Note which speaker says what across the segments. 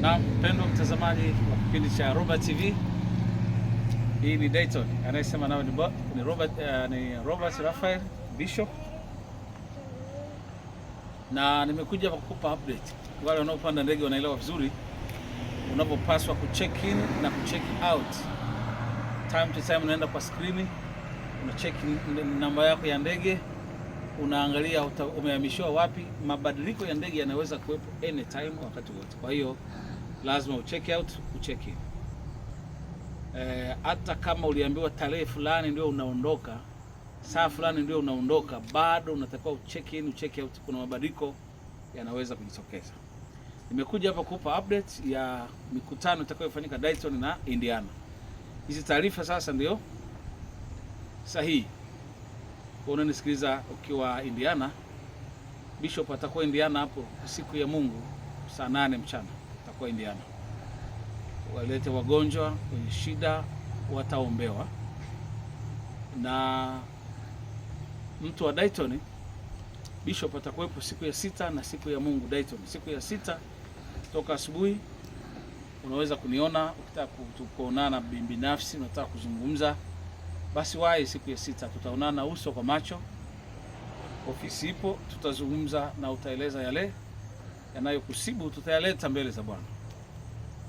Speaker 1: Na mpendwa mtazamaji wa kipindi cha Roba TV, hii ni Dayton, anayesema nawe ni, ni, Robert, uh, ni Robert Raphael Bishop, na nimekuja kukupa update. Wale wanaopanda ndege wanaelewa vizuri unapopaswa kucheck in na kucheck out. Time to time unaenda kwa skrini una check namba yako ya ndege unaangalia umehamishiwa wapi. Mabadiliko ya ndege yanaweza kuwepo anytime, wakati wote. Kwa hiyo lazima ucheck out, ucheck in. Eh, hata e, kama uliambiwa tarehe fulani ndio unaondoka, saa fulani ndio unaondoka, bado unatakiwa ucheck in, ucheck out. Kuna mabadiliko yanaweza kujitokeza. Nimekuja hapa kupa update ya mikutano itakayofanyika Dayton na Indiana. Hizi taarifa sasa ndio sahihi. Kwa unanisikiliza ukiwa Indiana, Bishop atakuwa Indiana hapo siku ya Mungu saa nane mchana atakuwa Indiana. Walete wagonjwa wenye shida, wataombewa na mtu wa Dayton. Bishop atakuwepo siku ya sita na siku ya Mungu Dayton. Siku ya sita toka asubuhi unaweza kuniona ukitaka kuonana binafsi, unataka kuzungumza basi wahi siku ya sita, tutaonana uso kwa macho, ofisi ipo, tutazungumza na utaeleza yale yanayokusibu, tutayaleta mbele za Bwana.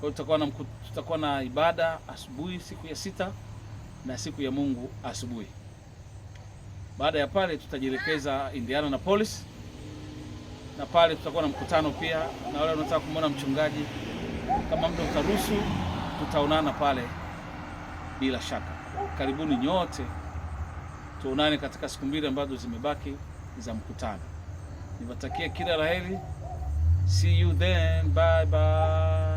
Speaker 1: Kwa hiyo tutakuwa na tutakuwa na ibada asubuhi siku ya sita na siku ya Mungu asubuhi. Baada ya pale tutajielekeza indiana na na pale tutakuwa na mkutano pia, na wale wanataka kumwona mchungaji, kama mtu utaruhusu, tutaonana pale bila shaka. Karibuni nyote, tuonane katika siku mbili ambazo zimebaki za mkutano. Niwatakia kila la heri. See you then. Bye bye.